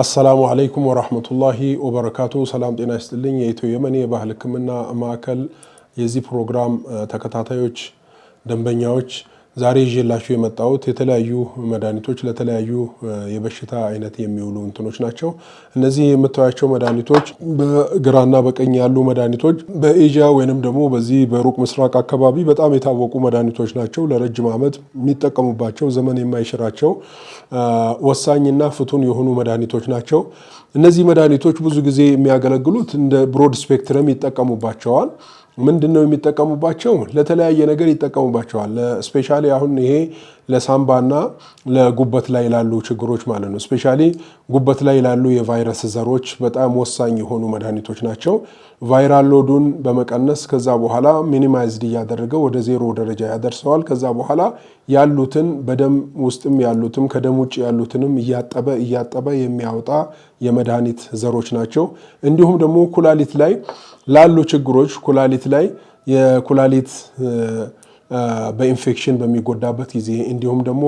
አሰላሙ አለይኩም ወራህመቱላሂ ወበረካቱ። ሰላም ጤና ይስጥልኝ። የኢትዮ የመን የባህል ሕክምና ማዕከል የዚህ ፕሮግራም ተከታታዮች ደንበኛዎች ዛሬ ይዤላችሁ የመጣሁት የተለያዩ መድኃኒቶች ለተለያዩ የበሽታ አይነት የሚውሉ እንትኖች ናቸው። እነዚህ የምታያቸው መድኃኒቶች በግራና በቀኝ ያሉ መድኃኒቶች በኤዥያ ወይንም ደግሞ በዚህ በሩቅ ምስራቅ አካባቢ በጣም የታወቁ መድኃኒቶች ናቸው። ለረጅም ዓመት የሚጠቀሙባቸው ዘመን የማይሽራቸው ወሳኝና ፍቱን የሆኑ መድኃኒቶች ናቸው። እነዚህ መድኃኒቶች ብዙ ጊዜ የሚያገለግሉት እንደ ብሮድ ስፔክትረም ይጠቀሙባቸዋል። ምንድን ነው የሚጠቀሙባቸው? ለተለያየ ነገር ይጠቀሙባቸዋል። ስፔሻሊ አሁን ይሄ ለሳምባና ለጉበት ላይ ላሉ ችግሮች ማለት ነው። ስፔሻሊ ጉበት ላይ ላሉ የቫይረስ ዘሮች በጣም ወሳኝ የሆኑ መድኃኒቶች ናቸው። ቫይራል ሎዱን በመቀነስ ከዛ በኋላ ሚኒማይዝድ እያደረገ ወደ ዜሮ ደረጃ ያደርሰዋል። ከዛ በኋላ ያሉትን በደም ውስጥም ያሉትም ከደም ውጭ ያሉትንም እያጠበ እያጠበ የሚያወጣ የመድኃኒት ዘሮች ናቸው። እንዲሁም ደግሞ ኩላሊት ላይ ላሉ ችግሮች ኩላሊት ላይ የኩላሊት በኢንፌክሽን በሚጎዳበት ጊዜ እንዲሁም ደግሞ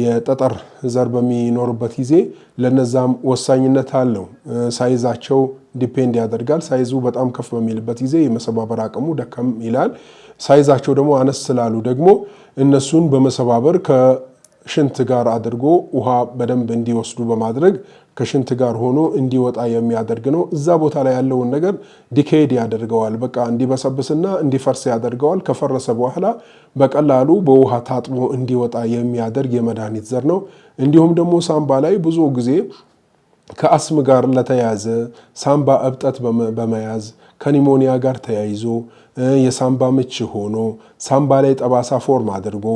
የጠጠር ዘር በሚኖርበት ጊዜ ለነዛም ወሳኝነት አለው። ሳይዛቸው ዲፔንድ ያደርጋል። ሳይዙ በጣም ከፍ በሚልበት ጊዜ የመሰባበር አቅሙ ደከም ይላል። ሳይዛቸው ደግሞ አነስ ስላሉ ደግሞ እነሱን በመሰባበር ሽንት ጋር አድርጎ ውሃ በደንብ እንዲወስዱ በማድረግ ከሽንት ጋር ሆኖ እንዲወጣ የሚያደርግ ነው። እዛ ቦታ ላይ ያለውን ነገር ዲኬድ ያደርገዋል። በቃ እንዲበሰብስና እንዲፈርስ ያደርገዋል። ከፈረሰ በኋላ በቀላሉ በውሃ ታጥቦ እንዲወጣ የሚያደርግ የመድኃኒት ዘር ነው። እንዲሁም ደግሞ ሳምባ ላይ ብዙ ጊዜ ከአስም ጋር ለተያያዘ ሳምባ እብጠት በመያዝ ከኒሞኒያ ጋር ተያይዞ የሳምባ ምች ሆኖ ሳምባ ላይ ጠባሳ ፎርም አድርጎ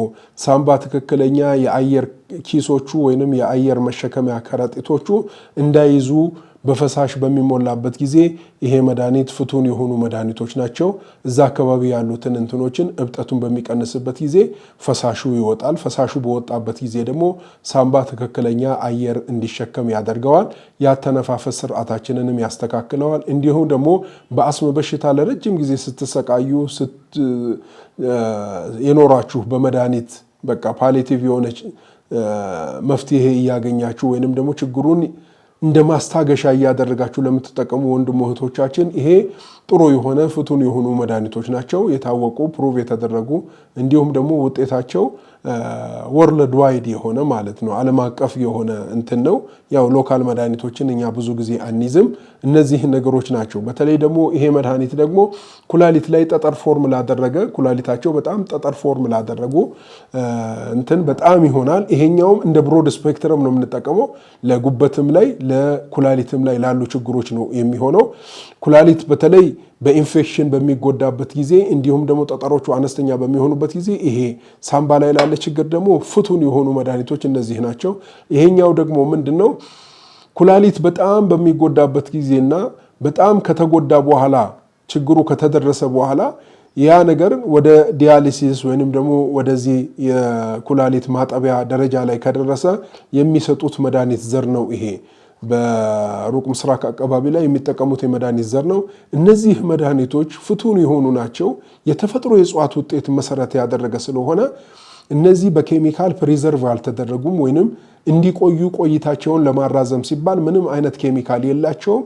ሳምባ ትክክለኛ የአየር ኪሶቹ ወይንም የአየር መሸከሚያ ከረጢቶቹ እንዳይዙ በፈሳሽ በሚሞላበት ጊዜ ይሄ መድኃኒት ፍቱን የሆኑ መድኃኒቶች ናቸው። እዛ አካባቢ ያሉትን እንትኖችን እብጠቱን በሚቀንስበት ጊዜ ፈሳሹ ይወጣል። ፈሳሹ በወጣበት ጊዜ ደግሞ ሳምባ ትክክለኛ አየር እንዲሸከም ያደርገዋል። ያተነፋፈስ ስርዓታችንንም ያስተካክለዋል። እንዲሁም ደግሞ በአስም በሽታ ለረጅም ጊዜ ስትሰቃዩ የኖራችሁ በመድኃኒት በቃ ፓሌቲቭ የሆነች መፍትሄ እያገኛችሁ ወይንም ደግሞ ችግሩን እንደ ማስታገሻ እያደረጋችሁ ለምትጠቀሙ ወንድም እህቶቻችን ይሄ ጥሩ የሆነ ፍቱን የሆኑ መድኃኒቶች ናቸው። የታወቁ ፕሩቭ የተደረጉ እንዲሁም ደግሞ ውጤታቸው ወርልድ ዋይድ የሆነ ማለት ነው። ዓለም አቀፍ የሆነ እንትን ነው። ያው ሎካል መድኃኒቶችን እኛ ብዙ ጊዜ አንይዝም። እነዚህ ነገሮች ናቸው። በተለይ ደግሞ ይሄ መድኃኒት ደግሞ ኩላሊት ላይ ጠጠር ፎርም ላደረገ ኩላሊታቸው በጣም ጠጠር ፎርም ላደረጉ እንትን በጣም ይሆናል። ይሄኛውም እንደ ብሮድ ስፔክትረም ነው የምንጠቀመው። ለጉበትም ላይ ለኩላሊትም ላይ ላሉ ችግሮች ነው የሚሆነው ኩላሊት በተለይ በኢንፌክሽን በሚጎዳበት ጊዜ እንዲሁም ደግሞ ጠጠሮቹ አነስተኛ በሚሆኑበት ጊዜ ይሄ ሳምባ ላይ ላለ ችግር ደግሞ ፍቱን የሆኑ መድኃኒቶች እነዚህ ናቸው። ይሄኛው ደግሞ ምንድን ነው? ኩላሊት በጣም በሚጎዳበት ጊዜና በጣም ከተጎዳ በኋላ ችግሩ ከተደረሰ በኋላ ያ ነገር ወደ ዲያሊሲስ ወይንም ደግሞ ወደዚህ የኩላሊት ማጠቢያ ደረጃ ላይ ከደረሰ የሚሰጡት መድኃኒት ዘር ነው ይሄ። በሩቅ ምስራቅ አካባቢ ላይ የሚጠቀሙት የመድኃኒት ዘር ነው። እነዚህ መድኃኒቶች ፍቱን የሆኑ ናቸው። የተፈጥሮ የእጽዋት ውጤት መሰረት ያደረገ ስለሆነ እነዚህ በኬሚካል ፕሪዘርቭ አልተደረጉም፣ ወይንም እንዲቆዩ ቆይታቸውን ለማራዘም ሲባል ምንም አይነት ኬሚካል የላቸውም።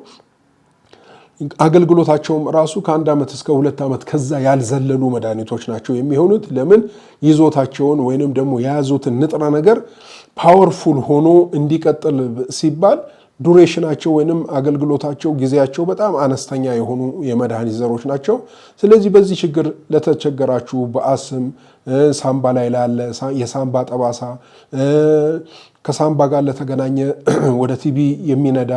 አገልግሎታቸውም ራሱ ከአንድ ዓመት እስከ ሁለት ዓመት ከዛ ያልዘለሉ መድኃኒቶች ናቸው የሚሆኑት። ለምን ይዞታቸውን ወይንም ደግሞ የያዙትን ንጥረ ነገር ፓወርፉል ሆኖ እንዲቀጥል ሲባል ዱሬሽናቸው ወይንም አገልግሎታቸው ጊዜያቸው በጣም አነስተኛ የሆኑ የመድኃኒት ዘሮች ናቸው። ስለዚህ በዚህ ችግር ለተቸገራችሁ በአስም ሳምባ ላይ ላለ የሳምባ ጠባሳ፣ ከሳምባ ጋር ለተገናኘ ወደ ቲቢ የሚነዳ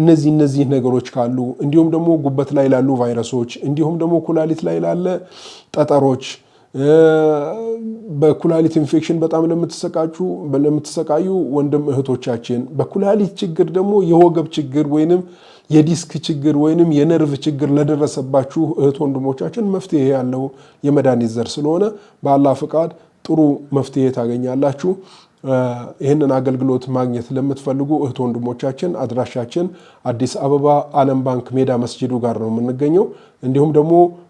እነዚህ እነዚህ ነገሮች ካሉ እንዲሁም ደግሞ ጉበት ላይ ላሉ ቫይረሶች እንዲሁም ደግሞ ኩላሊት ላይ ላለ ጠጠሮች በኩላሊት ኢንፌክሽን በጣም ለምትሰቃጩ ለምትሰቃዩ ወንድም እህቶቻችን በኩላሊት ችግር ደግሞ የወገብ ችግር ወይንም የዲስክ ችግር ወይንም የነርቭ ችግር ለደረሰባችሁ እህት ወንድሞቻችን መፍትሄ ያለው የመድኃኒት ዘር ስለሆነ በአላህ ፍቃድ ጥሩ መፍትሄ ታገኛላችሁ። ይህንን አገልግሎት ማግኘት ለምትፈልጉ እህት ወንድሞቻችን አድራሻችን አዲስ አበባ ዓለም ባንክ ሜዳ መስጂዱ ጋር ነው የምንገኘው። እንዲሁም ደግሞ